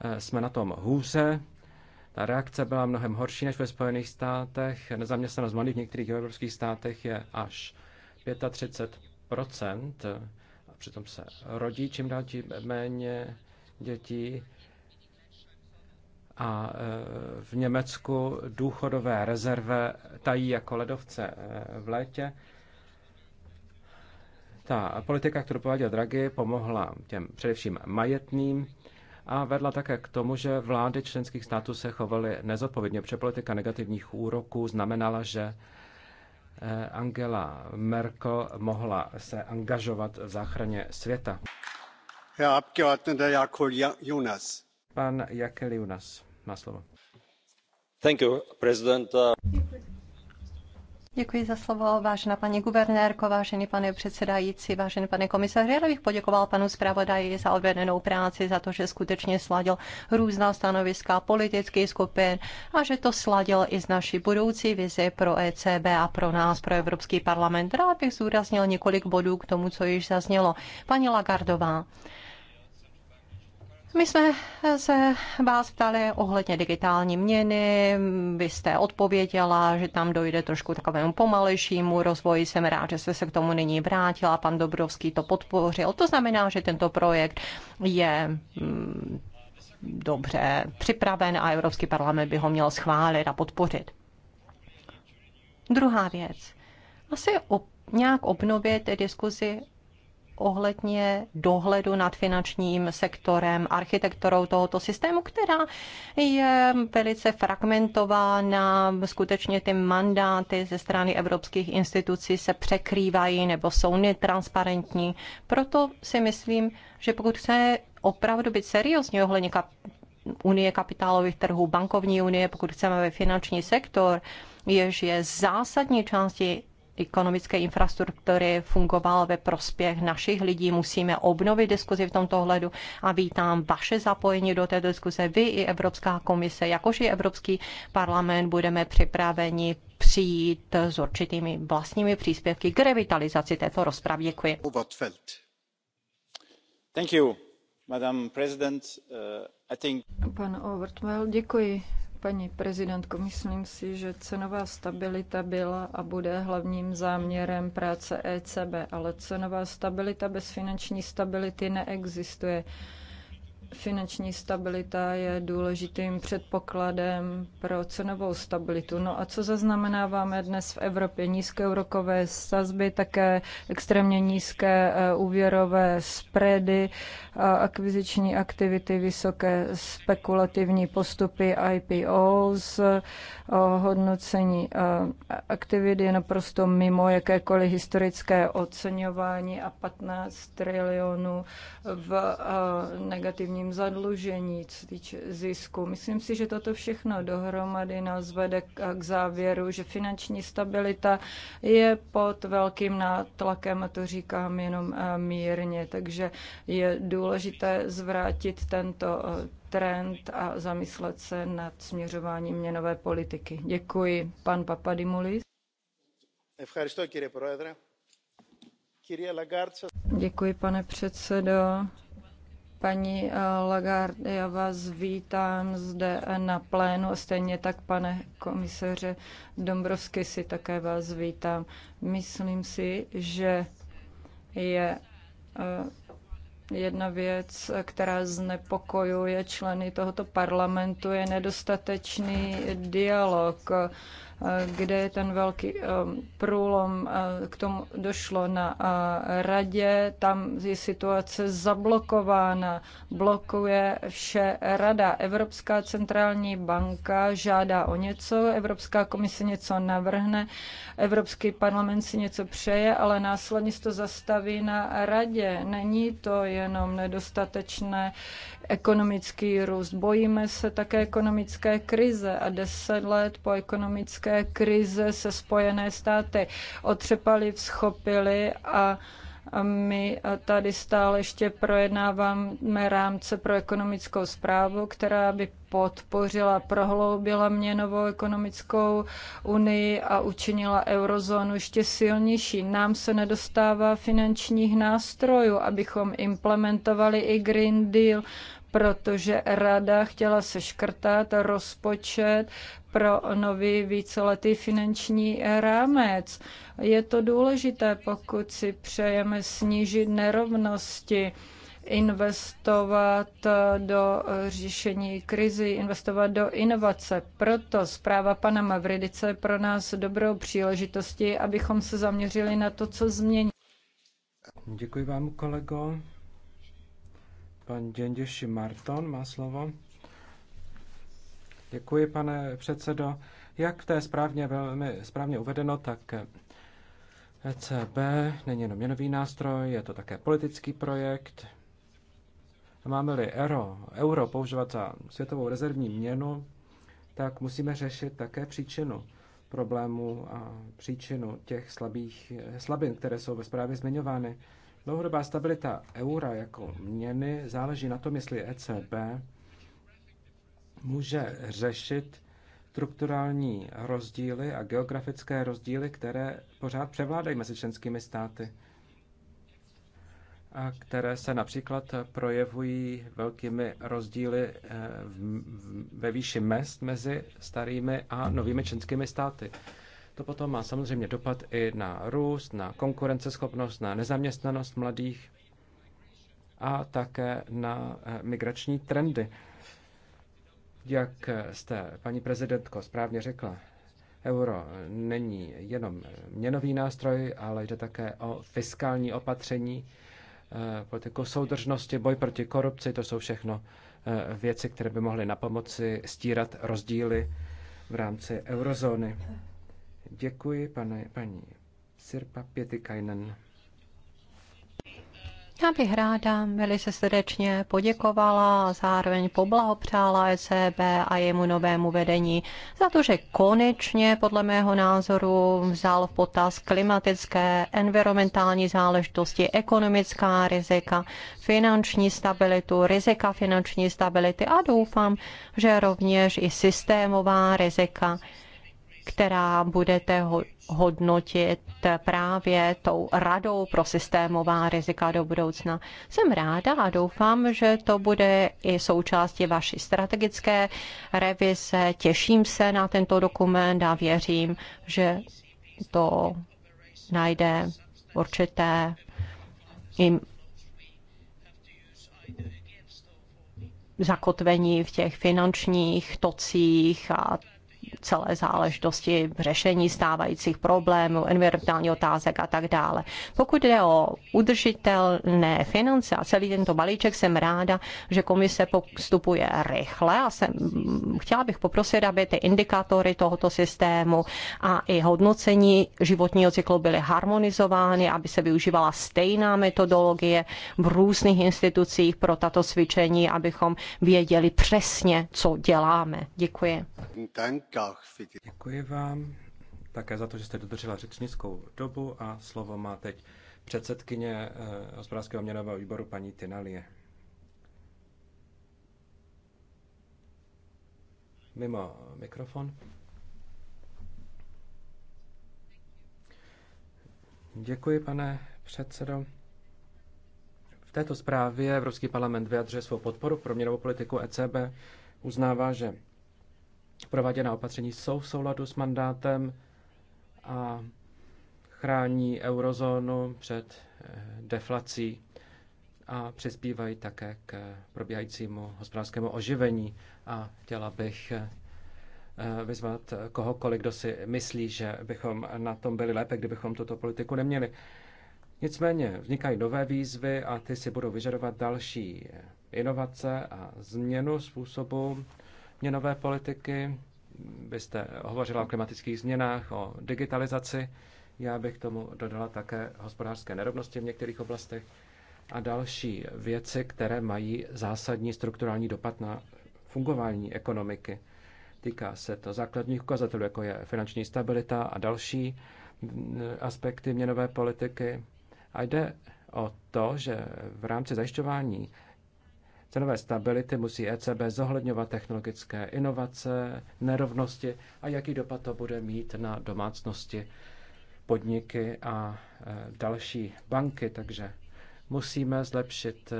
eh, jsme na tom hůře. Ta reakce byla mnohem horší než ve Spojených státech. Nezaměstnanost mladých v některých evropských státech je až 35 eh, a přitom se rodí čím dál tím méně dětí. A v Německu důchodové rezerve tají jako ledovce v létě. Ta politika, kterou prováděl Draghi, pomohla těm především majetným a vedla také k tomu, že vlády členských států se chovaly nezodpovědně, protože politika negativních úroků znamenala, že eh, Angela Merkel mohla se angažovat v záchraně světa. Jonas. Pan Jakel Jonas má slovo. Thank you, President. Uh, Děkuji za slovo, vážená paní guvernérko, vážený pane předsedající, vážený pane komisaři. Já bych poděkoval panu zpravodaji za odvedenou práci, za to, že skutečně sladil různá stanoviska politických skupin a že to sladil i z naší budoucí vizi pro ECB a pro nás, pro Evropský parlament. Rád bych zúraznil několik bodů k tomu, co již zaznělo. Paní Lagardová, my jsme se vás ptali ohledně digitální měny, vy jste odpověděla, že tam dojde trošku takovému pomalejšímu rozvoji. Jsem rád, že jste se k tomu nyní vrátila, pan Dobrovský to podpořil. To znamená, že tento projekt je mm, dobře připraven a Evropský parlament by ho měl schválit a podpořit. Druhá věc. Asi o nějak obnovit diskuzi ohledně dohledu nad finančním sektorem, architekturou tohoto systému, která je velice fragmentována. Skutečně ty mandáty ze strany evropských institucí se překrývají nebo jsou netransparentní. Proto si myslím, že pokud chce opravdu být seriózní ohledně kap- unie kapitálových trhů, bankovní unie, pokud chceme ve finanční sektor, jež je zásadní části ekonomické infrastruktury fungoval ve prospěch našich lidí. Musíme obnovit diskuzi v tomto ohledu a vítám vaše zapojení do té diskuze. Vy i Evropská komise, jakož i Evropský parlament budeme připraveni přijít s určitými vlastními příspěvky k revitalizaci této rozpravy. Děkuji. Thank you, Madam President. Uh, I think... Pan Overtwell, děkuji paní prezidentko. Myslím si, že cenová stabilita byla a bude hlavním záměrem práce ECB, ale cenová stabilita bez finanční stability neexistuje. Finanční stabilita je důležitým předpokladem pro cenovou stabilitu. No a co zaznamenáváme dnes v Evropě? Nízké úrokové sazby, také extrémně nízké eh, úvěrové spready, eh, akviziční aktivity, vysoké spekulativní postupy IPOs, eh, hodnocení aktivit je naprosto mimo jakékoliv historické oceňování a 15 trilionů v negativní bankovním zadlužení, co týče zisku. Myslím si, že toto všechno dohromady nás vede k závěru, že finanční stabilita je pod velkým nátlakem, a to říkám jenom eh, mírně, takže je důležité zvrátit tento eh, trend a zamyslet se nad směřováním měnové politiky. Děkuji, pan Papadimulis. Děkuji, pane předsedo. Paní eh, Lagarde, já vás vítám zde na plénu a stejně tak, pane komisaře Dombrovsky, si také vás vítám. Myslím si, že je eh, jedna věc, která znepokojuje členy tohoto parlamentu, je nedostatečný dialog kde je ten velký eh, průlom, eh, k tomu došlo na eh, radě, tam je situace zablokována, blokuje vše rada. Evropská centrální banka žádá o něco, Evropská komise něco navrhne, Evropský parlament si něco přeje, ale následně se to zastaví na radě. Není to jenom nedostatečné ekonomický růst. Bojíme se také ekonomické krize a deset let po ekonomické hospodářské krize se Spojené státy otřepaly, vzchopily a my tady stále ještě projednáváme rámce pro ekonomickou zprávu, která by podpořila, prohloubila měnovou ekonomickou unii a učinila eurozónu ještě silnější. Nám se nedostává finančních nástrojů, abychom implementovali i Green Deal, protože rada chtěla seškrtat rozpočet pro nový víceletý finanční rámec. Je to důležité, pokud si přejeme snížit nerovnosti, investovat do řešení krizi, investovat do inovace. Proto zpráva pana Mavridice je pro nás dobrou příležitostí, abychom se zaměřili na to, co změní. Děkuji vám, kolego. Pan Děnděši Marton má slovo. Děkuji, pane předsedo. Jak to je správně, velmi správně uvedeno, tak ECB není jenom měnový nástroj, je to také politický projekt. Máme-li euro, euro používat za světovou rezervní měnu, tak musíme řešit také příčinu problému a příčinu těch slabých, slabin, které jsou ve zprávě zmiňovány. Dlouhodobá stabilita eura jako měny záleží na tom, jestli ECB může řešit strukturální rozdíly a geografické rozdíly, které pořád převládají mezi členskými státy a které se například projevují velkými rozdíly eh, ve výši mest mezi starými a novými členskými státy. To potom má samozřejmě dopad i na růst, na konkurenceschopnost, na nezaměstnanost mladých a také na eh, migrační trendy. Jak eh, jste, paní prezidentko, správně řekla, euro není jenom měnový nástroj, ale jde také o fiskální opatření, eh, politiku soudržnosti, boj proti korupci, to jsou všechno věci, které by mohly na pomoci stírat rozdíly v rámci eurozóny. Děkuji, pane, paní Sirpa Pětikajnen. Já bych ráda velice srdečně poděkovala a zároveň poblahopřála ECB a jemu novému vedení za to, že konečně podle mého názoru vzal v potaz klimatické, environmentální záležitosti, ekonomická rizika, finanční stabilitu, rizika finanční stability a doufám, že rovněž i systémová rizika která budete hodnotit právě tou radou pro systémová rizika do budoucna. Jsem ráda a doufám, že to bude i součástí vaší strategické revize. Těším se na tento dokument a věřím, že to najde určité im zakotvení v těch finančních tocích a celé záležitosti, řešení stávajících problémů, environmentální otázek a tak dále. Pokud jde o udržitelné finance a celý tento balíček, jsem ráda, že komise postupuje rychle a jsem, chtěla bych poprosit, aby ty indikátory tohoto systému a i hodnocení životního cyklu byly harmonizovány, aby se využívala stejná metodologie v různých institucích pro tato cvičení, abychom věděli přesně, co děláme. Děkuji. Dank. Děkuji vám také za to, že jste dodržela řečnickou dobu a slovo má teď předsedkyně eh, hospodářského měnového výboru paní Tinalie. Mimo mikrofon. Děkuji, pane předsedo. V této zprávě Evropský parlament vyjadřuje svou podporu pro měnovou politiku ECB. Uznává, že prováděná opatření jsou v souladu s mandátem a chrání eurozónu před eh, deflací a přispívají také k probíhajícímu hospodářskému oživení. A chtěla bych eh, vyzvat kohokoliv, kdo si myslí, že bychom na tom byli lépe, kdybychom tuto politiku neměli. Nicméně vznikají nové výzvy a ty si budou vyžadovat další eh, inovace a změnu způsobu měnové politiky. Vy jste hovořila o klimatických změnách, o digitalizaci. Já bych tomu dodala také hospodářské nerovnosti v některých oblastech a další věci, které mají zásadní strukturální dopad na fungování ekonomiky. Týká se to základních ukazatelů, jako je finanční stabilita a další aspekty měnové politiky. A jde o to, že v rámci zajišťování cenové stability musí ECB zohledňovat technologické inovace, nerovnosti a jaký dopad to bude mít na domácnosti, podniky a e, další banky. Takže musíme zlepšit e,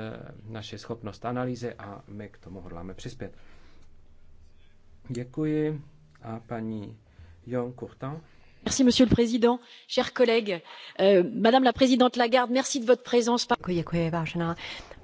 naši schopnost analýzy a my k tomu hodláme přispět. Děkuji a paní Jon Courtin monsieur le président chers collègues euh, madame la présidente lagarde merci de votre présence. Děkuji, děkuji, vážená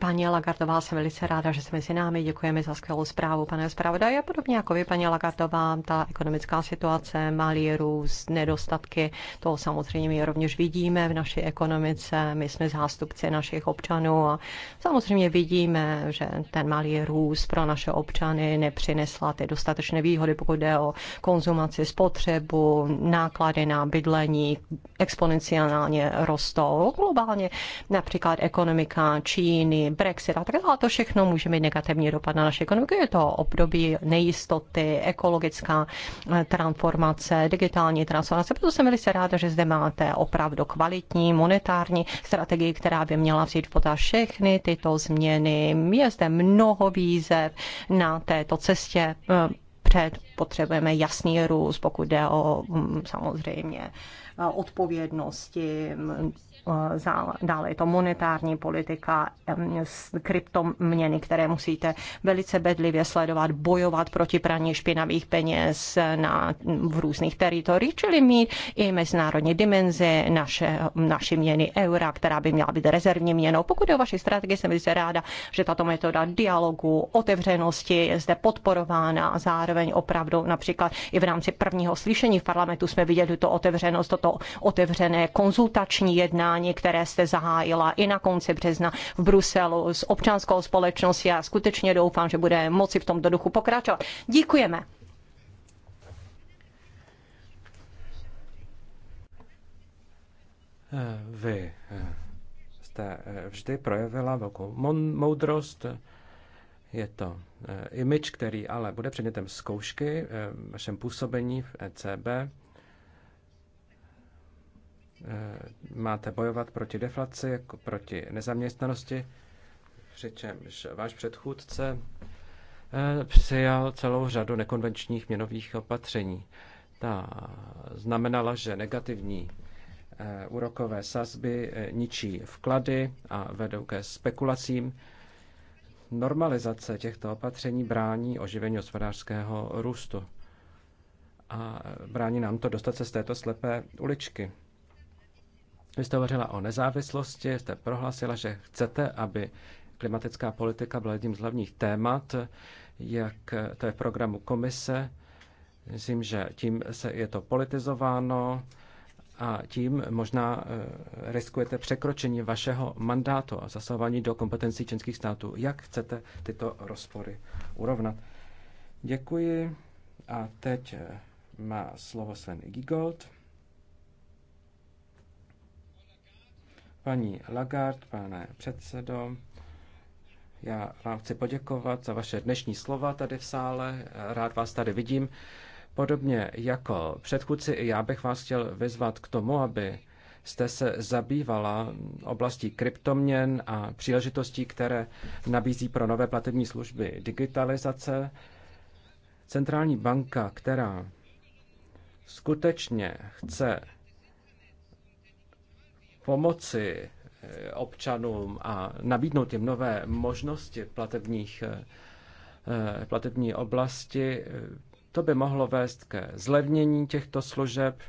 Paní Lagardová, jsem velice ráda, že jsme mezi námi. Děkujeme za skvělou zprávu, pane zpravodaji. A podobně jako vy, paní Lagardová, ta ekonomická situace, malý růst, nedostatky, to samozřejmě my rovněž vidíme v naší ekonomice. My jsme zástupci našich občanů a samozřejmě vidíme, že ten malý růst pro naše občany nepřinesla ty dostatečné výhody, pokud jde o konzumaci, spotřebu, náklady na bydlení exponenciálně rostou. Globálně například ekonomika Číny, Brexit a tak dále. To všechno může mít negativní dopad na naše ekonomiku. Je to období nejistoty, ekologická eh, transformace, digitální transformace. Proto jsem velice ráda, že zde máte opravdu kvalitní monetární strategii, která by měla vzít v potaz všechny tyto změny. Je zde mnoho výzev na této cestě eh, před. Potřebujeme jasný růst, pokud jde o mm, samozřejmě Eh, odpovědnosti, mm, eh, dále je to monetární politika, mm, kryptoměny, které musíte velice bedlivě sledovat, bojovat proti praní špinavých peněz na, mm, v různých teritoriích, čili mít i mezinárodní dimenzi naše, naši měny eura, která by měla být rezervní měnou. Pokud je o vaší strategii, jsem velice ráda, že tato metoda dialogu, otevřenosti je zde podporována a zároveň opravdu například i v rámci prvního slyšení v parlamentu jsme viděli tu otevřenost, to toto otevřené konzultační jednání, které jste zahájila i na konci března v Bruselu s občanskou společností. Já skutečně doufám, že bude moci v tomto duchu pokračovat. Děkujeme. Vy jste vždy projevila velkou moudrost. Je to eh, image, který ale bude předmětem zkoušky eh, v vašem působení v ECB. Eh, máte bojovat proti deflaci, jako proti nezaměstnanosti, přičemž váš předchůdce eh, přijal celou řadu nekonvenčních měnových opatření. Ta znamenala, že negativní eh, úrokové sazby ničí vklady a vedou ke spekulacím. Normalizace těchto opatření brání oživení hospodářského růstu a brání nám to dostat se z této slepé uličky. Vy jste hovořila o nezávislosti, jste prohlásila, že chcete, aby klimatická politika byla jedním z hlavních témat, jak to je v programu komise. Myslím, že tím se je to politizováno a tím možná eh, riskujete překročení vašeho mandátu a zasahování do kompetencí členských států. Jak chcete tyto rozpory urovnat? Děkuji. A teď eh, má slovo Sven Gigold. Paní Lagarde, pane předsedo, já vám chci poděkovat za vaše dnešní slova tady v sále. Rád vás tady vidím. Podobně jako předchůdci, i já bych vás chtěl vyzvat k tomu, aby jste se zabývala oblastí kryptoměn a příležitostí, které nabízí pro nové platební služby digitalizace. Centrální banka, která skutečně chce pomoci eh, občanům a nabídnout jim nové možnosti platebních, eh, eh, platební oblasti, to by mohlo vést ke zlevnění těchto služeb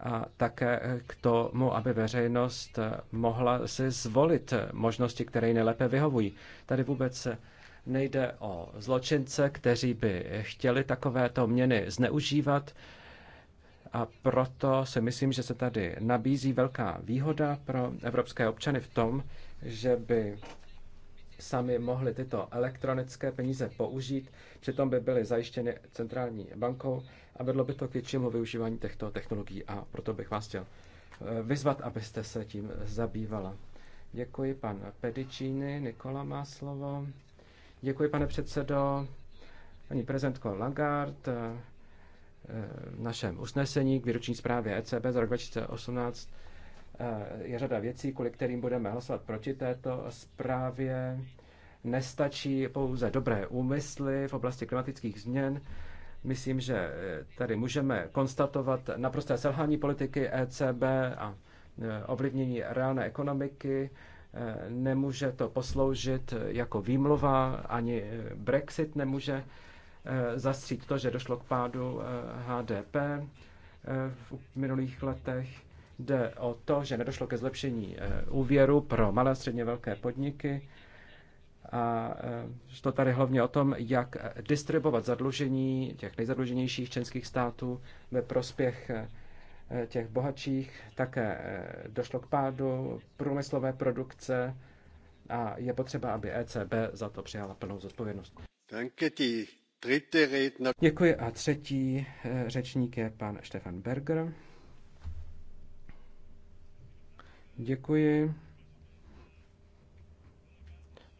a také k tomu, aby veřejnost mohla si zvolit možnosti, které ji nejlépe vyhovují. Tady vůbec nejde o zločince, kteří by chtěli takovéto měny zneužívat. A proto si myslím, že se tady nabízí velká výhoda pro evropské občany v tom, že by sami mohli tyto elektronické peníze použít, přitom by byly zajištěny centrální bankou a vedlo by to k většímu využívání těchto technologií a proto bych vás chtěl eh, vyzvat, abyste se tím zabývala. Děkuji pan Pedicini, Nikola má slovo. Děkuji pane předsedo, paní prezentko Lagarde, v eh, našem usnesení k výroční zprávě ECB za rok 2018 eh, je řada věcí, kvůli kterým budeme hlasovat proti této zprávě. Nestačí pouze dobré úmysly v oblasti klimatických změn. Myslím, že eh, tady můžeme konstatovat naprosté selhání politiky ECB a ovlivnění reálné ekonomiky. Nemůže to posloužit jako výmluva, ani Brexit nemůže Eh, zastřít to, že došlo k pádu HDP eh, eh, v minulých letech. Jde o to, že nedošlo ke zlepšení úvěru pro malé a středně velké podniky. A šlo tady hlavně o tom, jak distribuovat zadlužení těch nejzadluženějších členských států ve prospěch těch bohatších. Také došlo k pádu průmyslové produkce a je potřeba, aby ECB za to přijala plnou zodpovědnost. Thank you. Děkuji a třetí eh, řečník je pan Stefan Berger. Děkuji.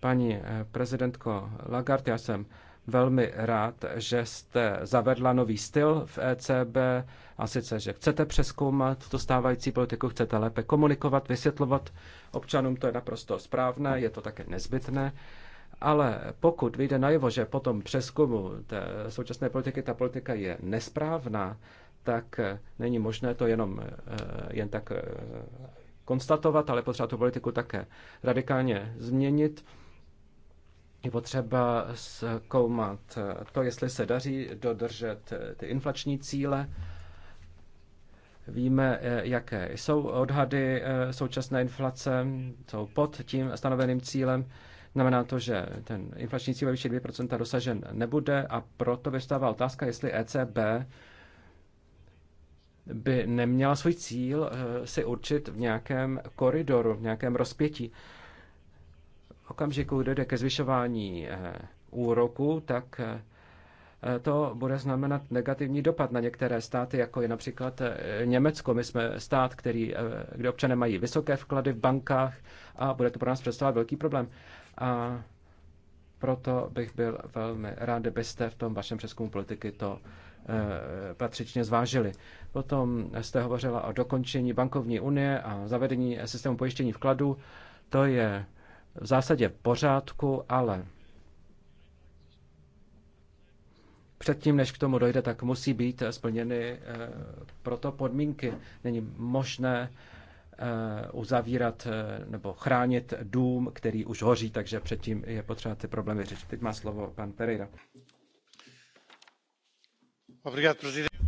Paní eh, prezidentko Lagarde, já jsem velmi rád, že jste zavedla nový styl v ECB a sice, že chcete přeskoumat tu stávající politiku, chcete lépe komunikovat, vysvětlovat občanům, to je naprosto správné, je to také nezbytné ale pokud vyjde najevo, že potom přeskumu té současné politiky ta politika je nesprávná, tak eh, není možné to jenom eh, jen tak eh, konstatovat, ale potřeba tu politiku také radikálně změnit. Je potřeba zkoumat to, jestli se daří dodržet ty inflační cíle. Víme, jaké jsou odhady současné inflace, jsou pod tím stanoveným cílem. Znamená to, že ten inflační cíl ve výši 2% dosažen nebude a proto vystává otázka, jestli ECB by neměla svůj cíl eh, si určit v nějakém koridoru, v nějakém rozpětí. V okamžiku, kdy jde ke zvyšování eh, úroku, tak eh, to bude znamenat negativní dopad na některé státy, jako je například Německo. My jsme stát, který, kde občané mají vysoké vklady v bankách a bude to pro nás představovat velký problém a proto bych byl velmi rád, kdybyste v tom vašem přeskumu politiky to eh, patřičně zvážili. Potom jste hovořila o dokončení bankovní unie a zavedení systému pojištění vkladu. To je v zásadě pořádku, ale předtím, než k tomu dojde, tak musí být splněny eh, proto podmínky. Není možné Eh, uzavírat eh, nebo chránit dům, který už hoří, takže předtím je potřeba ty problémy řešit. Teď má slovo pan Pereira.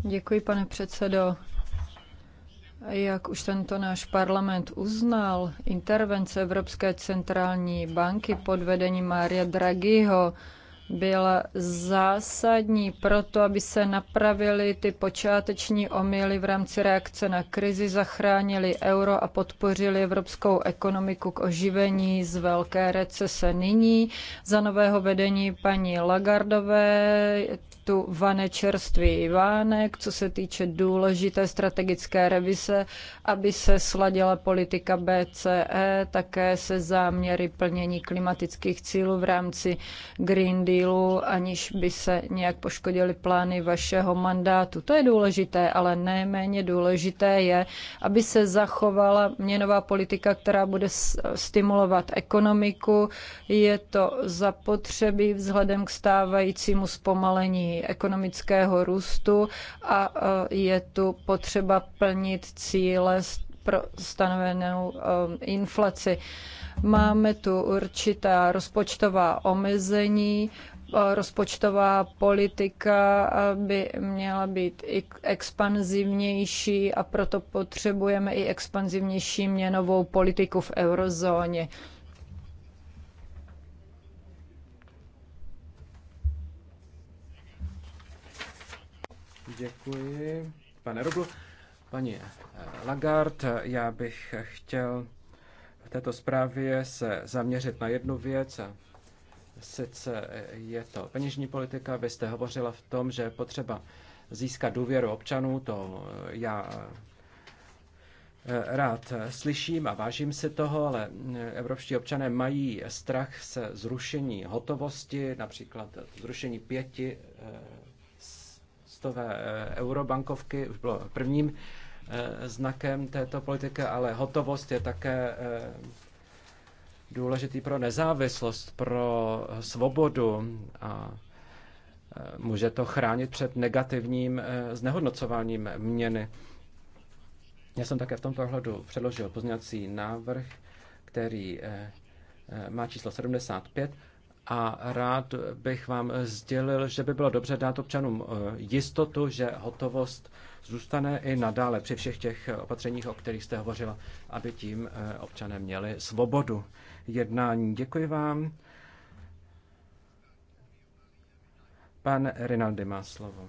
Děkuji, pane předsedo. Jak už tento náš parlament uznal, intervence Evropské centrální banky pod vedením Mária Draghiho byl zásadní pro to, aby se napravily ty počáteční omily v rámci reakce na krizi, zachránili euro a podpořili evropskou ekonomiku k oživení z velké recese. Nyní za nového vedení paní Lagardové projektu čerstvý Vánek, co se týče důležité strategické revize, aby se sladila politika BCE, také se záměry plnění klimatických cílů v rámci Green Dealu, aniž by se nějak poškodily plány vašeho mandátu. To je důležité, ale nejméně důležité je, aby se zachovala měnová politika, která bude stimulovat ekonomiku. Je to zapotřebí vzhledem k stávajícímu zpomalení ekonomického růstu a e, je tu potřeba plnit cíle pro stanovenou e, inflaci. Máme tu určitá rozpočtová omezení, e, rozpočtová politika by měla být i expanzivnější a proto potřebujeme i expanzivnější měnovou politiku v eurozóně. Děkuji, pane Rubl. Paní eh, Lagard, já bych chtěl v této zprávě se zaměřit na jednu věc. Sice eh, je to peněžní politika, vy jste hovořila v tom, že je potřeba získat důvěru občanů, to eh, já rád slyším a vážím si toho, ale evropští občané mají strach se zrušení hotovosti, například zrušení pěti trustové eh, eurobankovky už bylo prvním eh, znakem této politiky, ale hotovost je také eh, důležitý pro nezávislost, pro svobodu a může to chránit před negativním znehodnocováním měny. Já jsem také v tomto ohledu předložil pozměňovací návrh, který má číslo 75 a rád bych vám sdělil, že by bylo dobře dát občanům eh, jistotu, že hotovost zůstane i nadále při všech těch opatřeních, o kterých jste hovořila, aby tím eh, občané měli svobodu jednání. Děkuji vám. Pan Rinaldi má slovo.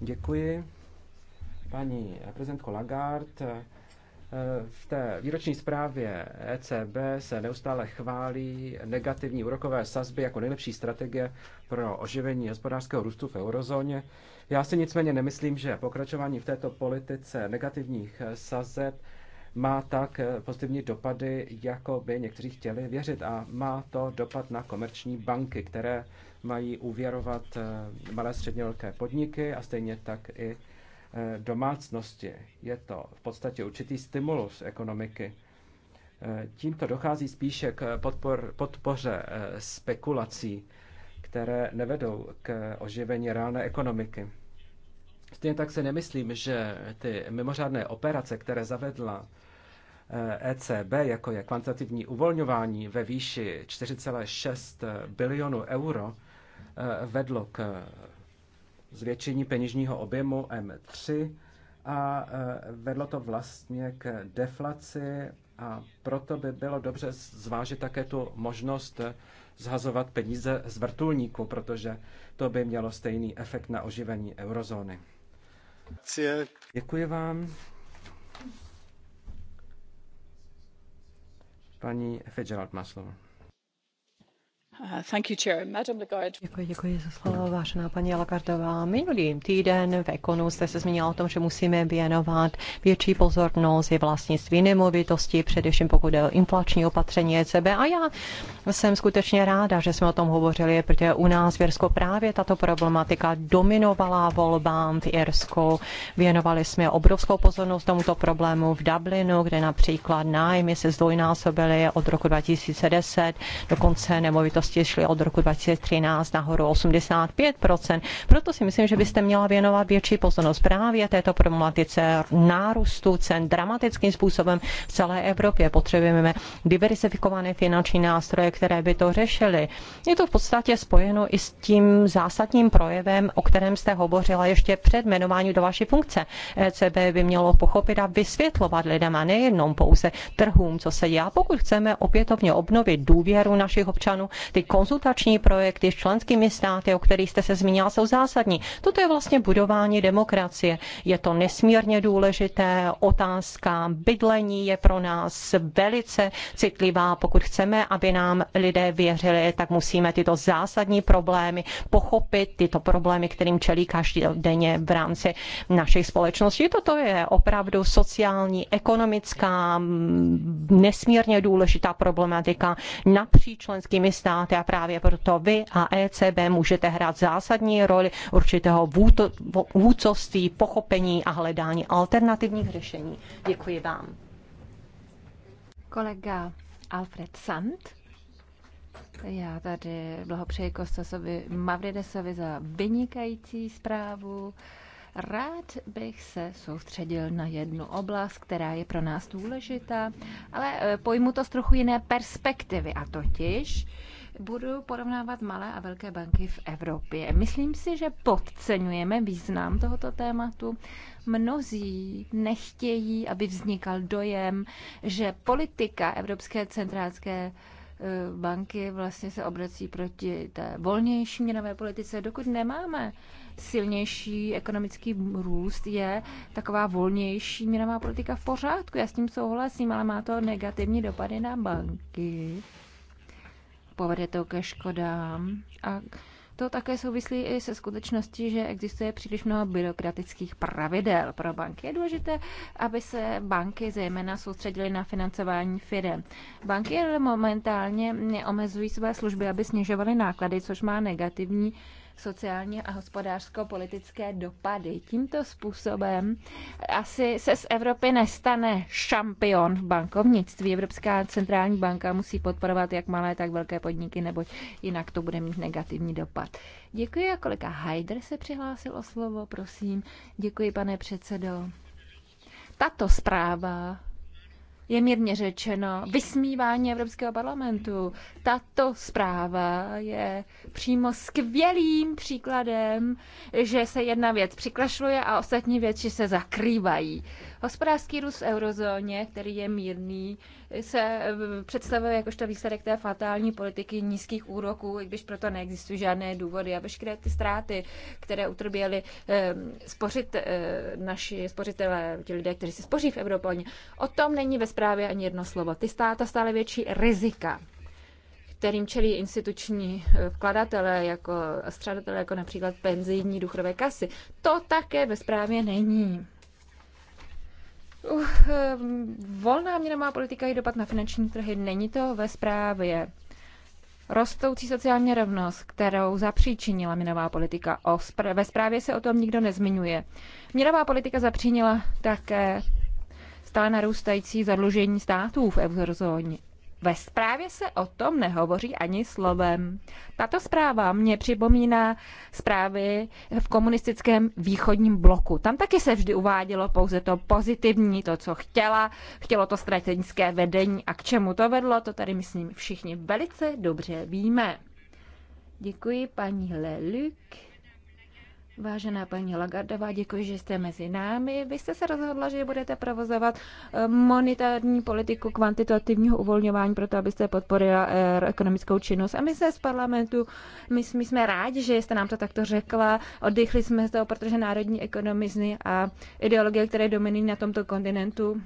Děkuji. Paní prezidentko Lagarde, v té výroční zprávě ECB se neustále chválí negativní úrokové sazby jako nejlepší strategie pro oživení hospodářského růstu v eurozóně. Já si nicméně nemyslím, že pokračování v této politice negativních sazeb má tak pozitivní dopady, jako by někteří chtěli věřit. A má to dopad na komerční banky, které mají uvěrovat malé středně velké podniky a stejně tak i Eh, domácnosti. Je to v podstatě určitý stimulus ekonomiky. Eh, Tímto dochází spíše k podpor, podpoře eh, spekulací, které nevedou k oživení reálné ekonomiky. Stejně tak se nemyslím, že ty mimořádné operace, které zavedla ECB, e jako je kvantitativní uvolňování ve výši 4,6 bilionů euro, vedlo k zvětšení peněžního objemu M3 a e, vedlo to vlastně k deflaci a proto by bylo dobře zvážit také tu možnost e, zhazovat peníze z vrtulníku, protože to by mělo stejný efekt na oživení eurozóny. Děkuji vám. Paní Fitzgerald má slovo. Uh, děkuji, za slovo, vážená paní Lagardová. Minulý týden v Ekonu jste se zmínila o tom, že musíme věnovat větší pozornost i vlastnictví nemovitosti, především pokud je o inflační opatření ECB. A já jsem skutečně ráda, že jsme o tom hovořili, protože u nás v Jirsku právě tato problematika dominovala volbám v Jirsku. Věnovali jsme obrovskou pozornost tomuto problému v Dublinu, kde například nájmy se zdvojnásobily od roku 2010, dokonce nemovitosti účasti šly od roku 2013 nahoru 85%. Proto si myslím, že byste měla věnovat větší pozornost právě této problematice nárůstu cen dramatickým způsobem v celé Evropě. Potřebujeme diversifikované finanční nástroje, které by to řešily. Je to v podstatě spojeno i s tím zásadním projevem, o kterém jste hovořila ještě před jmenováním do vaší funkce. ECB by mělo pochopit a vysvětlovat lidem a nejenom pouze trhům, co se dělá. Pokud chceme opětovně obnovit důvěru našich občanů, ty konzultační projekty s členskými státy, o kterých jste se zmínila, jsou zásadní. Toto je vlastně budování demokracie. Je to nesmírně důležité. Otázka bydlení je pro nás velice citlivá. Pokud chceme, aby nám lidé věřili, tak musíme tyto zásadní problémy pochopit, tyto problémy, kterým čelí každý denně v rámci našich společností. Toto je opravdu sociální, ekonomická, mm, nesmírně důležitá problematika napříč členskými státy máte a právě proto vy a ECB můžete hrát zásadní roli určitého vůcovství, pochopení a hledání alternativních řešení. Děkuji vám. Kolega Alfred Sand. Já tady blahopřeji Kostasovi Mavridesovi za vynikající zprávu. Rád bych se soustředil na jednu oblast, která je pro nás důležitá, ale e, pojmu to z trochu jiné perspektivy, a totiž budu porovnávat malé a velké banky v Evropě. Myslím si, že podceňujeme význam tohoto tématu. Mnozí nechtějí, aby vznikal dojem, že politika Evropské centrálské e, banky vlastně se obrací proti té volnější měnové politice. Dokud nemáme silnější ekonomický růst, je taková volnější měnová politika v pořádku. Já s tím souhlasím, ale má to negativní dopady na banky povede to ke škodám a to také souvislí i se skutečností, že existuje příliš mnoho byrokratických pravidel pro banky. Je důležité, aby se banky zejména soustředily na financování firm. Banky momentálně omezují své služby, aby snižovaly náklady, což má negativní sociálně a hospodářsko-politické dopady. Tímto způsobem asi se z Evropy nestane šampion v bankovnictví. Evropská centrální banka musí podporovat jak malé, tak velké podniky, nebo jinak to bude mít negativní dopad. Děkuji a kolega Heider se přihlásil o slovo, prosím. Děkuji, pane předsedo. Tato zpráva je mírně řečeno vysmívání Evropského parlamentu. Tato zpráva je přímo skvělým příkladem, že se jedna věc přiklašluje a ostatní věci se zakrývají. Hospodářský růst v eurozóně, který je mírný, se eh, představuje jakožto výsledek té fatální politiky nízkých úroků, i když proto neexistují žádné důvody. A veškeré ty ztráty, které utrpěli eh, spořit eh, naši spořitelé, ti lidé, kteří si spoří v Evropě, o tom není ve zprávě ani jedno slovo. Ty státa stále větší rizika kterým čelí instituční vkladatelé jako střadatelé, jako například penzijní duchové kasy. To také ve zprávě není. Uh, ehm, volná měnová politika i dopad na finanční trhy, není to ve zprávě. Rostoucí sociální rovnost, kterou zapříčinila měnová politika, o spr- ve zprávě se o tom nikdo nezmiňuje. Měnová politika zapříčinila také stále narůstající zadlužení států v eurozóně. Ve zprávě se o tom nehovoří ani slovem. Tato zpráva mě připomíná zprávy v komunistickém východním bloku. Tam taky se vždy uvádělo pouze to pozitivní, to, co chtěla, chtělo to strategické vedení a k čemu to vedlo, to tady myslím všichni velice dobře víme. Děkuji paní Leluk. Vážená paní Lagardová, děkuji, že jste mezi námi. Vy jste se rozhodla, že budete provozovat eh, monetární politiku kvantitativního uvolňování, proto abyste podporila eh, ekonomickou činnost. A my jsme z parlamentu, my, my jsme rádi, že jste nám to takto řekla. Oddychli jsme z toho, protože národní ekonomizmy a ideologie, které dominují na tomto kontinentu,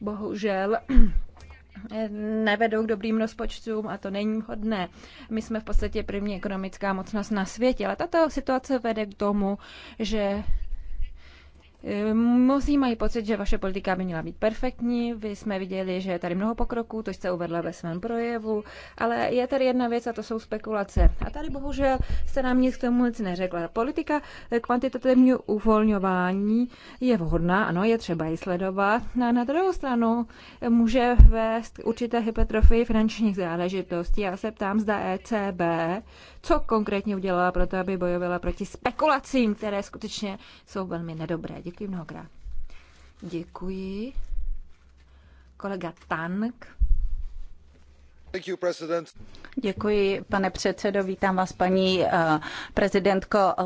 bohužel nevedou k dobrým rozpočtům a to není hodné. My jsme v podstatě první ekonomická mocnost na světě, ale tato situace vede k tomu, že Mnozí mají pocit, že vaše politika by měla být perfektní. Vy jsme viděli, že je tady mnoho pokroků, to jste uvedla ve svém projevu, ale je tady jedna věc a to jsou spekulace. A tady bohužel jste nám nic k tomu nic neřekla. Politika kvantitativního uvolňování je vhodná, ano, je třeba ji sledovat. No a na druhou stranu může vést určité hypertrofii finančních záležitostí. Já se ptám, zda ECB, co konkrétně udělala pro to, aby bojovala proti spekulacím, které skutečně jsou velmi nedobré. Děkuji. Děkuji mnohokrát. Děkuji. Kolega Tank. Děkuji, pane předsedo. Vítám vás, paní eh, prezidentko